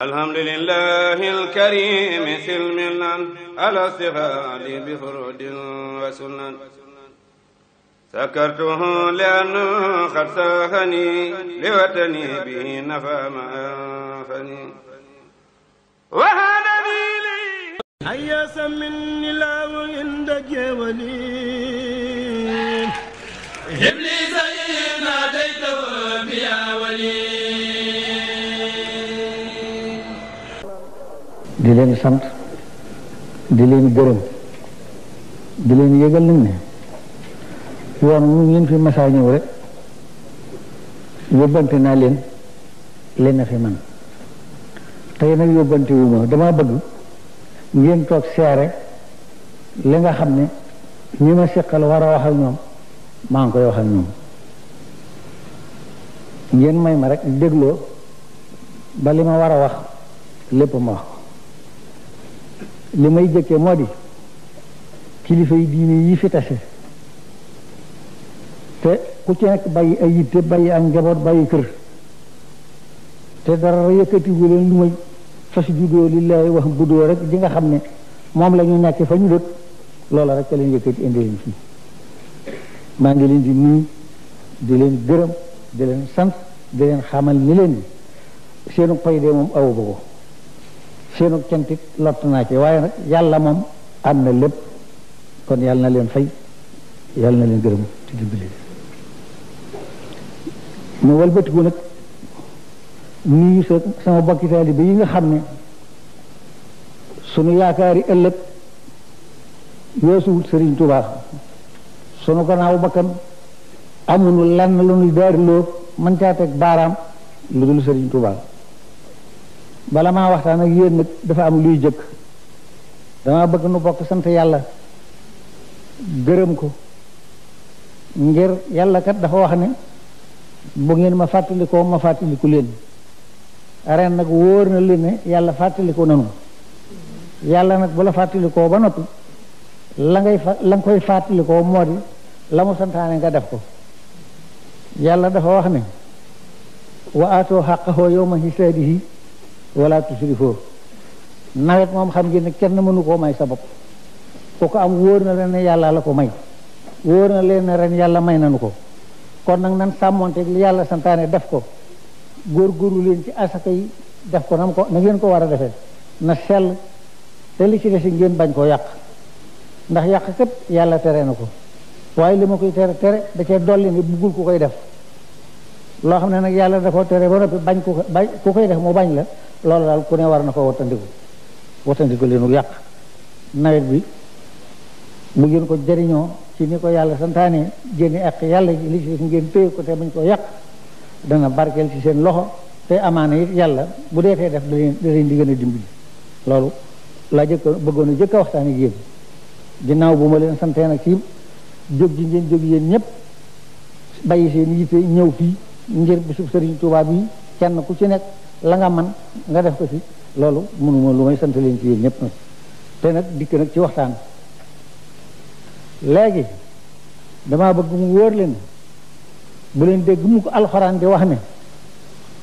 alhamdulilah alkarim silmil nan ala stighaali bi furudin wa sunan sakartuhu li annu qad saxani li watani bihi nafa ma anfani wa hadani li hayasa minni laahu inda jeewali ibli sayna daytahu biya wali di leen sant di leen gërëm di leen yëgal nag ne yoon mu ngeen fi masaa ñëw rek yóbbante naa leen leen a fi man tey nag yóbbante wu ma damaa bëgg ngeen toog seere li nga xam ne ñu ma siqal war a wax ñoom maa ngi koy wax ak ñoom ngeen may ma rek dégloo ba li ma war a wax lépp ma wax li may jëkke moo di kilifa yi diine yi fi tase te ku ci nekk bàyyi ay yitte bàyyi am njaboot bàyyi kër te dara yëkkatigu leen lu may fas judoo lillahi wax guddoo rek di nga xam ne moom la ñu nekk fa ñu dëkk loola rek leen yëkkati indi leen fii maa ngi leen di nuyu di leen gërëm di leen sant di leen xamal ni leen bi seenu pay de moom awu ko seenu cantik lott naa ci waaye nag yàlla moom am na lépp kon yàlla na leen fay yàlla na leen gërëm ci dimbali mu walbatiku nag nuyu sa sama bokki ba yi nga xam ne sunu yaakaari ëllëg yeesuwut Sëriñ Tuubaa sunu gannaaw bakkan amuñu na lu ñuy daariloo mën caa teg baaraam lu dul Sëriñ Tuubaa bala maa waxtaan ak yéen nag dafa am luy jëkk dama bëgg nu bokk sant yàlla gërëm ko ngir yàlla kat dafa wax ne bu ngeen ma fàttalikoo ma fàttaliku leen ren nag wóor na leen ne yàlla fàttaliku nanu yàlla nag bu la fàttalikoo ba noppi la ngay fa la nga koy fàttalikoo moo di la mu santaane nga def ko yàlla dafa wax ne wa aatoo xaqahoo yow ma xisaadihi wala tusrifoo nawet moom xam ngeen ne kenn mënu koo may sa bopp ku ko am wóor na leen ne yàlla la ko may wóor na leen ne ren yàlla may nanu ko kon nag nan sàmmonteeg li yàlla santaane def ko góor góorgóorlu leen ci asaka yi def ko nam ko na ngeen ko war a defee na sell te li ci def si ngeen bañ koo yàq ndax yàq kat yàlla tere na ko waaye li ma koy tere tere da cee dolli ni buggul ku koy def loo xam ne nag yàlla da koo tere ba noppi bañ ku bañ ku koy def mu bañ la loolu daal ku ne war na ko wattandiku wattandiku leenu yàq nawet bi mu ngeen ko jariñoo ci ni ko yàlla santaane génne ak yàlla ji li ci def ngeen téye ko te bañ ko yàq dana barkeel ci seen loxo te amaana it yàlla bu dee tee def da leen da leen di gën loolu laa jëkk bëggoon a jëkk a waxtaan ak yéen ginnaaw bu ma leen santee nag ci jóg ji ngeen jóg yéen ñëpp bàyyi seen yitte ñëw fii ngir bisub sëriñ tubaab bi kenn ku ci nekk la man nga def ko ci loolu mënuma lu may sant leen ci yéen ñëpp te nag dikk nag ci waxtaan léegi damaa bëgg mu wóor leen bu leen dégg mu ko alxuraan di wax ne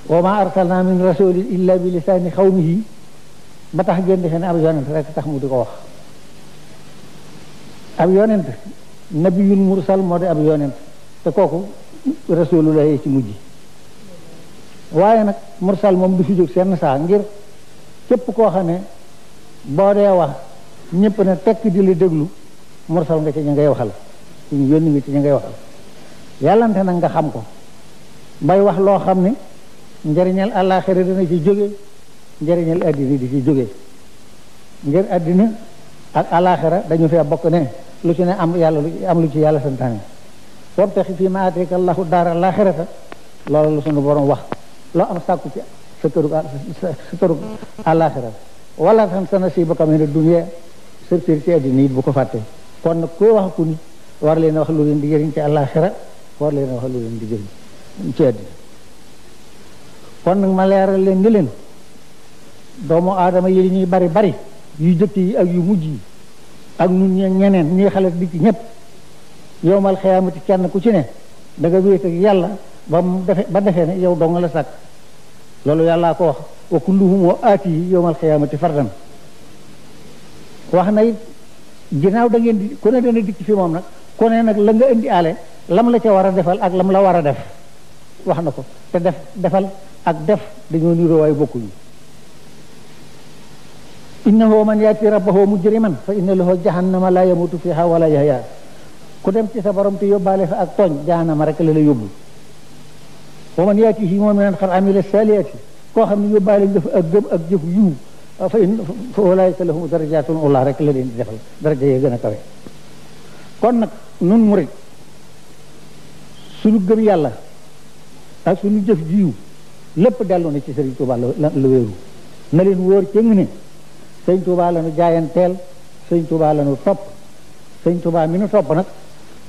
wa ma arsalna min rasulin illa bi lisaani xawmihi ba tax ngeen defe ne ab yonent rekk tax mu di ko wax ab yonent nabiyul mursal moo di ab yonent te kooku rasulullahi ci mujj waaye nag mursal moom du fi jóg seen saa ngir képp koo xam ne boo dee wax ñëpp ne tekk di la déglu morsal nga ci ngay waxal ku ñu yónni nga ci ña ngay waxal yàllante nag nga xam ko mbay wax loo xam ne njëriñal àllaaxira dina ci jóge njëriñal addina di ci jóge ngir addini ak àllaaxira dañu fee bokk ne lu ci ne am yàlla lu am lu ci yàlla santaane wabtaxi fii ma aataka allahu daara al-aaxirata loolu la sunu borom wax loo am sàkku ci sa kërug sa kërug àllaaxira wala tan sa nasiibaka mina dunya surtout ci àddina it bu ko fàtte kon nag kuy wax ku ni war leen wax lu leen di jëriñ ci àllaaxira war leen a wax àddina kon nag ma leeral leen ni leen doomu aadama yi li ñuy bari bari yu jëkk yi ak yu mujj yi ak nun ñe ñeneen ñuy xalaat bi ci ñëpp yowmal xiyaamati kenn ku ci ne danga nga wéet ak yàlla ba mu defe ba defee ne yow dong la sàkk loolu yàllaa ko wax wa kulluhum wa aati yi yowmal xiyaamati fardan wax na it ginnaaw da ngeen di ku ne dana dikk fi moom nag ku ne nag la nga indi aale lam la ca war a defal ak lam la war a def wax na ko te def defal ak def dañoo niroo waaye bokkuñu innahu man yaati rabbahu mujriman fa inna lahu jahannama la yamutu fiha wala yahya ku dem ci sa borom te yóbbaale fa ak tooñ jahannama rek la la yóbbu wa man yaati si moom naan xar amila saaliati koo xam ne yóbbaale dafa ak gëm ak jëf yiw fa in fa olaayka lahum la leen di defal daraja yee gën a kawe kon nag nun murit suñu gëm yàlla ak suñu jëf jiw lépp dellu na ci sëriñ Tuuba la wéeru na leen wóor cëng ne sëñ Tuuba la nu jaayanteel sëñ Tuuba la nu topp sëñ Tuuba mi nu top nag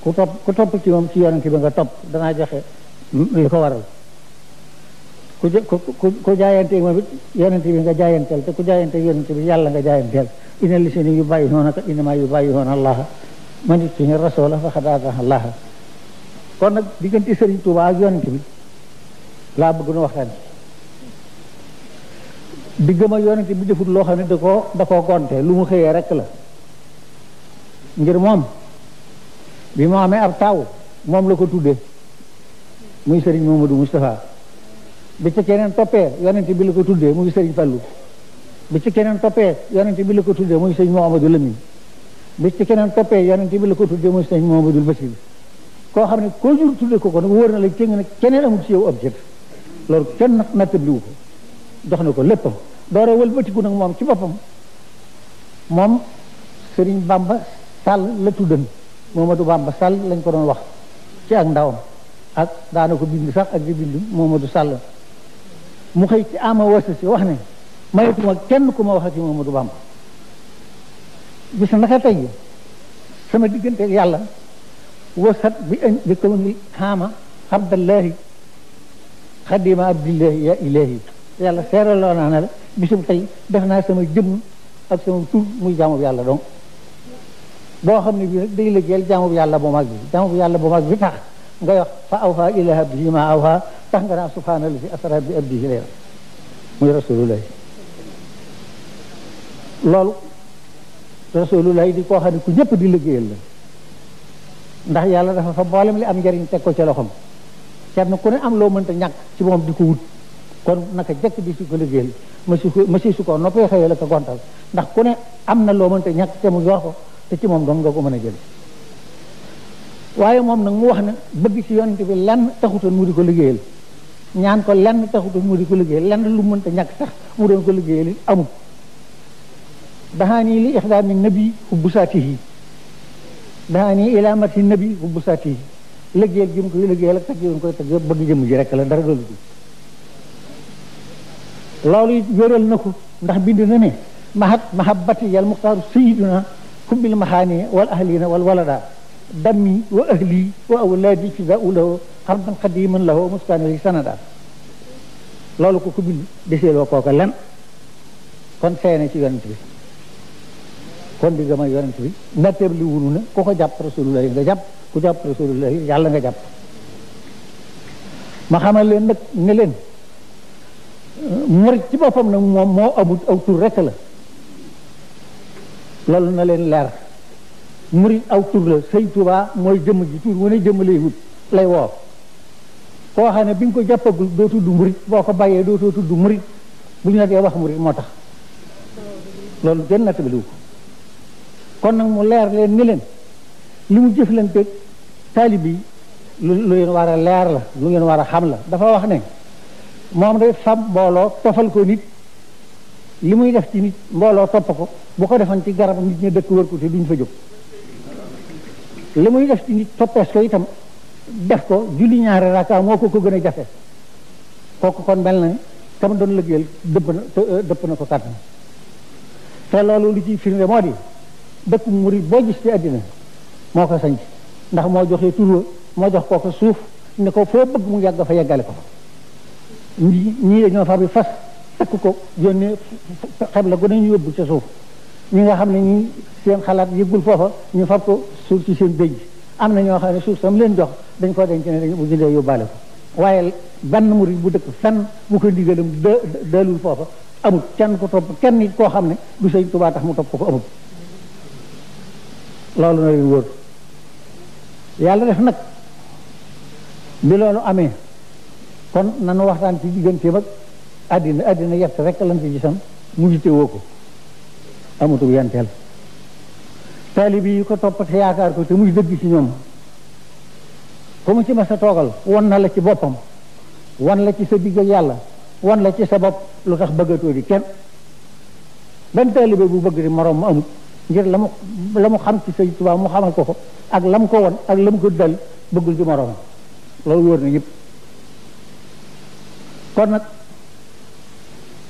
ku topp ku topp ci moom ci yonente bi nga topp danaa joxe li ko waral ku ku jaayante moom it yonente bi nga jaayanteel te ku jaayante yonente bi yàlla nga jaayanteel ina lisini yu bàyyi noona ka yu bàyyi noona allaha man it ci rasoola fa xadaataha allaha kon nag diggante sëriñ Tuuba ak bi laa bëgg nu waxtaan ci diggam ak yonente bi defut loo xam ne da koo da koo gonte lu mu xëyee rek la ngir moom bi mu amee ab taw moom la ko tuddee muy sëriñ Mamadou Moustapha bi ci keneen toppee yonente bi la ko tuddee muy sëriñ Fallu bi ci keneen toppee yonente bi la ko tuddee muy sëriñ Mouhamadou Lamine bi ci keneen toppee yonente bi la ko tuddee muy sëriñ Mouhamadou Bachir koo xam ne koo jur tuddee ko ko nag wóor na la kenn keneen amul ci yow objet loolu kenn nattabliwu ko jox na ko léppam doore walbatiku nag moom ci boppam moom sëriñ Bamba Sall la tuddan Momadou Bamba sal lañ ko doon wax ci ak ndaw ak daana ko bind sax ak di bind Sall mu xëy ci ama wasa si wax na ne mayetuma kenn ku ma waxati Mamadou Bamba gis naka tey sama diggante ak yàlla wasat bi an bi kaw ni xaama abdallahi xadima abdillahi ya ilahi yàlla seeraloo naa ne la bisub tey def naa sama jëmm ak sama tur muy jaamub yàlla donc boo xam ne bii nag day lëggeel jaamub yàlla bu mag bi jaamub yàlla bu mag bi tax ngay wax fa awha ilaha bihi ma awha sax nga naa subhaana la si asra bi abdihi lay wax muy rasulullah loolu rasulullah di koo xam ku ñëpp di liggéeyal la ndax yàlla dafa fa mboolem li am njariñ teg ko ca loxoom kenn ku ne am loo mënta ñàkk ci moom di ko wut kon naka jëkk di su ko liggéeyal masi masi su ko noppee xëyee la ko gontal ndax ku ne am na loo mënta ñàkk te mu jox ko te ci moom dong nga ko mën a jël waaye moom nag mu wax na bëgg ci yonent bi lenn taxutoon mu di ko liggéeyal ñaan ko lenn taxutoon mu di ko liggéeyal lenn lu mënta ñàkk sax mu doon ko liggéeyal amul daxaani li ixdaami nabi hubbu saatihi daxaani ilaamati nabi hubbu saatihi liggéeyal gi mu koy liggéeyal ak tag yoon koy tag yëpp bëgg jëm ji rek la dara doolu ji loolu it wéral na ko ndax bind na ne mahat mahabbati yal muxtaaru sayiduna hubbil maxaani wal ahlina wal walada dammi wa ahli wa awlaadi fidaau lahu xarban xadiman lahu muskaana li sanada loolu ko ku bind deseeloo kooka lan kon seene ci yonent bi kon di gëm a yonent bi natteeb li wunu na ku ko jàpp rasulullahi nga jàpp ku jàpp rasulullahi yàlla nga jàpp ma xamal leen nag ne leen murit ci boppam nag moom moo amut aw tur rekk la loolu na leen leer murid aw tur la sëñ Tuubaa mooy jëmm ji tur wu ne jëmm lay wut lay woo koo xam ne bi nga ko jàppagul doo tudd murid boo ko bàyyee doo too tudd murid bu ñu la dee wax murid moo tax loolu gën na tabaliwu ko nag mu leer leen ni leen li mu jëflanteeg taalib yi lu lu leen leer la lu ngeen war a xam la dafa wax ne moom day fam mbooloo tofal ko nit li muy def ci nit mbooloo topp ko bu ko defoon ci garab nit ñi dëkk wër ko te duñ fa jóg li muy def ci nit toppees ko itam def ko julli ñaari raka moo ko ko gën a jafe kooku kon mel na kam doon liggéeyal dëpp na dëpp na ko kàttan te loolu li ci firnde moo di dëkk murid boo gis ci àddina moo ko sanc ndax moo joxee tur moo jox kooku suuf ne ko foo bëgg mu yàgg fa yeggale ko ñii dañoo far bi fas takk ko yónnee xeb la gën a yóbbu ca suuf ñu nga xam ne ñi seen xalaat yëggul foofa ñu fab ko suuf ci seen dëj am na ñoo xam ne suuf sam leen jox dañ ko denc ne dañ bu jëlee yóbbaale ko waaye benn murid bu dëkk fen bu ko ndigalam dalul foofa amut kenn ko topp kenn nit koo xam ne du sëñ Tuubaa tax mu topp ko ko loolu na leen wóor yàlla def nag bi loolu amee kon nanu waxtaan ci digganteem ak àddina àddina yett rek lan ci gisam mu jite woo ko amatul yenteel taalibe yi ko topp te yaakaar ko te mu dëgg ci ñoom ku mu ci mas a toogal wan na la ci boppam wan la ci sa digg yàlla wan la ci sa bopp lu tax bëggatoo di kenn benn taalibe bu bëgg di moroom mu amut ngir la mu xam ci Sëñ Tuubaa mu xamal ko ko ak lam mu ko won ak la mu ko dal bëggul di moroom loolu wóor na ñëpp kon nag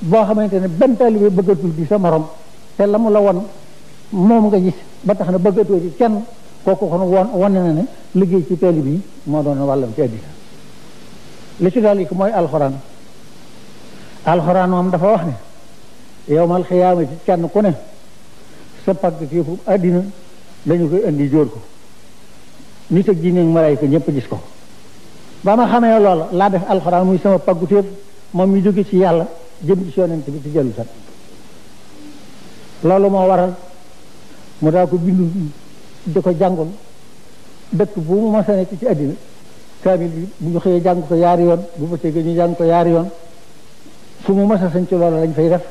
boo xamante ne benn taalibe bëggatul di sa morom te la mu la won moom nga gis ba tax na bëggatoo ci kenn kooku kon won wane na ne liggéey ci peel bi moo doon wàllam ci àddina li ci daal yi mooy alxuraan alxuraan dafa wax ne yowmal xiyaama ci kenn ku ne sa pàgg tiifu àddina dañu koy indi jóor ko nit ak jinne ak malaayka ñëpp gis ko ba ma xamee loola laa def alxuraan muy sama pàggu téef moom mi jóge ci yàlla jëm ci yonent bi ci jëlu sa loolu moo waral mu daa ko bindu di ko jàngul dëkk bu mu mos a nekk ci àddina kaamil bi bu ñu xëyee jàng ko yaari yoon bu bëccëgee ñu jàng ko yaari yoon fu mu mos a sañ ci loolu lañ fay def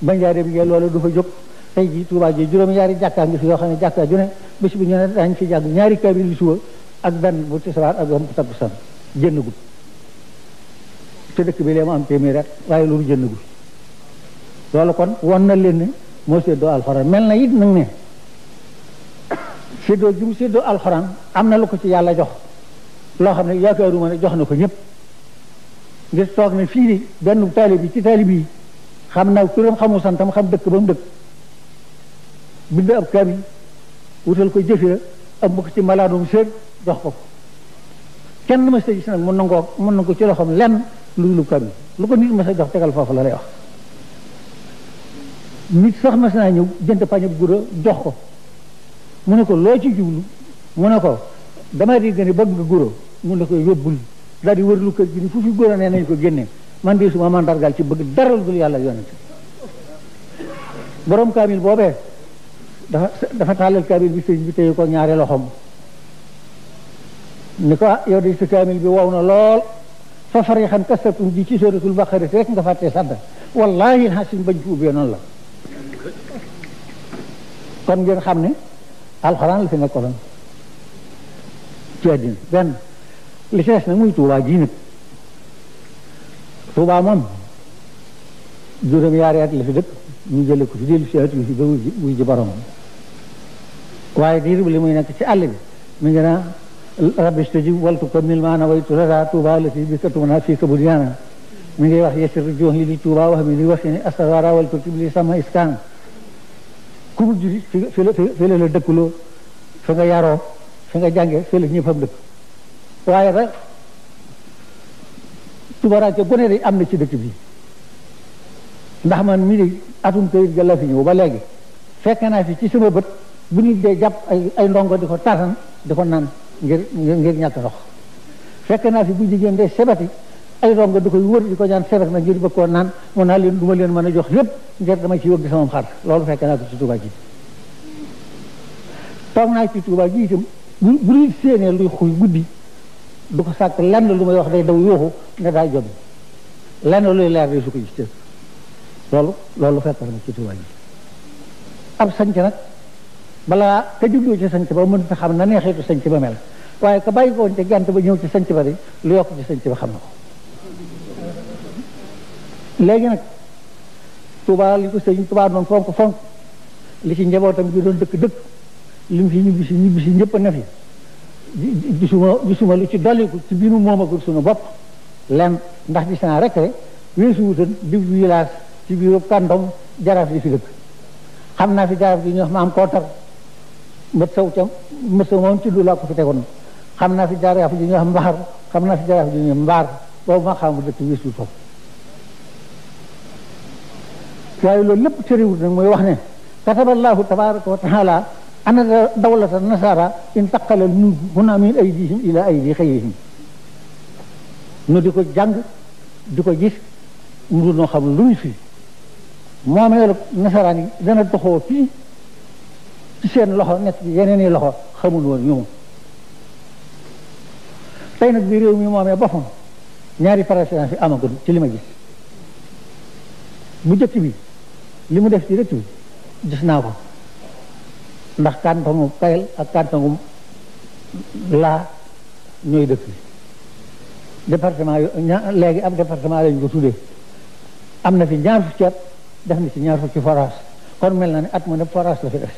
banjaare bi ngeen loolu du fa jóg tey jii Tuubaa ji juróom-ñaari jàkkaa ngi fi yoo xam ne jàkkaa ju ne bés bu ñu ne daañ fi jàng ñaari kaamil bi suba ak benn bu tisbaar ak benn bu takkusaan jënd gu te dëkk bi lee mu am téeméer rek waaye loolu jënd gu loolu kon won na leen ne moo séddoo alxuraan mel na yit nag ne séddoo ju mu séddoo alxuraan am na lu ko ci yàlla jox loo xam ne yaakaaruma ne jox na ko ñëpp ngir toog ne fii ni benn taalib bi ci taalib yi xam na turam xamul santam xam dëkk ba mu dëkk bind ab kaami wutal ko jëfira am ko ci malaanum séer jox ko kenn ma sa gis nag mun na ngoo mun na ko ci loxoom lenn lu lu kaami lu ko nit ma sa jox tegal foofu la lay wax nit sax mas naa ñëw jënd bu gura jox ko mu ne ko loo ci jublu mu ne ko damay dégg ne bëgg nga mu ne ko yóbbul daal di wërlu kër gi ni fu fi gura nee nañ ko génnee man di suma mandargal ci bëgg daral dul yàlla yonent borom kaamil boobee dafa dafa taalal kaamil bi sëriñ bi téye ko ñaari loxoom ni ko ah, yow de sa kaamil bi wow na lool fa farixan kasabtum ji ci suratul baqara rek nga fàttee sadda wallahi xasin bañ ko ubbee noon la kon ngeen xam ni alxuraan la fi nekkoon ci àddina benn li ci des nag muy tuubaa ji nag tuubaa moom juróom yaari at la fi dëkk ñu jële ko fi dellu si at yu fi ba wuy ji boromam waaye diir bi li muy nekk ci àll bi mi ngi naa rabbi stajib waltu ko mil maana waytu rada tuubaa la fi bi katumna fii ka budyaana mu ngi wax yesir jooxi li Tuuba wax mi ni waxi ne asawara wal kutub li sama iskaan ku mu juri fi la fi la la dëkkuloo fi nga yaroo fi nga jànge fi la ñëpp am dëkk waaye nag tubaranke gone day am na ci dëkk bi ndax man mi di atum kayit ga la fi ñëw ba léegi fekk naa fi ci suma bët bu nit dee jàpp ay ay ndongo di ko tartan di ko naan ngir ngir ñàkk ndox fekk naa fi bu jigéen dee sebati ay ronga du koy wër di ko ñaan feebar na ngir bëgg koo naan mun naa leen du ma leen mën a jox lépp ngir dama ci wëgg sama xar loolu fekk naa ko ci Tuuba ji toog naa ci Tuuba ji itam bu bu luy xuy guddi du ko sàkk lenn lu may wax day daw yooxu ne daa jom lenn luy leer day su ko gis loolu loolu fekk na ci Tuuba ji ab sanc nag balaa ka juddoo ci sanc ba mënut xam na neexitu sanc ba mel waaye ka bàyyi ko woon ca gent ba ñëw ci sanc ba lu yokk ci sanc xam na ko léegi nag Touba li ko sëñ Touba doon fonk fonk li ci njabootam gi doon dëkk dëkk li mu fi ñibbi si ñibbi si ñëpp a ne fi gisuma gisuma lu ci dolliku ci biiru moomagul suñu bopp lenn ndax gis naa rek weesu wutan di village ci biiru kàndom jaraaf yi fi dëkk xam naa fi jaraaf gi ñu wax ma am kootar mbët saw ca mbët ci lu laa ko fi tegoon xam naa fi jaraaf gi ñu wax mbaar xam naa fi jaraaf gi ñu mbaar boobu ma xam dëkk weesu foofu waaye loolu lépp tëriwut nag mooy wax ne kataballahu tabaraka wa taala ana dawlata nasara in taqalal nu huna min aydihim ila aydi xëyihim nu di ko jàng di ko gis ndu noo xam lu fi fii moomeelu nasaraan yi dana doxoo fii ci seen loxo nekk bi yeneen i loxo xamul woon ñoom tey nag bi réew mi moomee boppam ñaari présidence yi amagul ci li ma gis bu jëkk bi li mu def ci rëccu gis naa ko ndax kàntangu kayel ak kàntangu laa ñooy dëkk département yu léegi am département lañu ko tuddee am na fi ñaar fukki at def na ci ñaar ci forage kon mel na ne at mu ne forage la fi def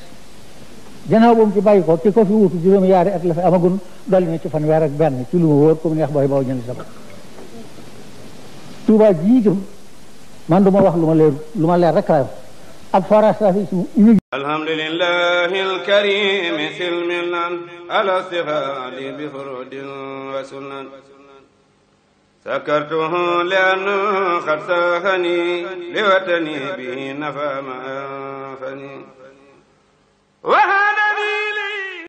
gannaaw boobu ci bàyyi ko ki ko fi wutu juróomi yaari at la fi amagun dolli na ci fanweer ak benn ci lu ma wóor comme neex booy baw ñënd sama Tuubaa jii itam man du ma wax lu ma leer lu ma leer rek laa ab forage la fi ñu. alhamdulillahi alkarim silmilan ala sihadi bi furudin wa sunan sakartuhu li an xad sahani li watani bi nafa ma fani wa hada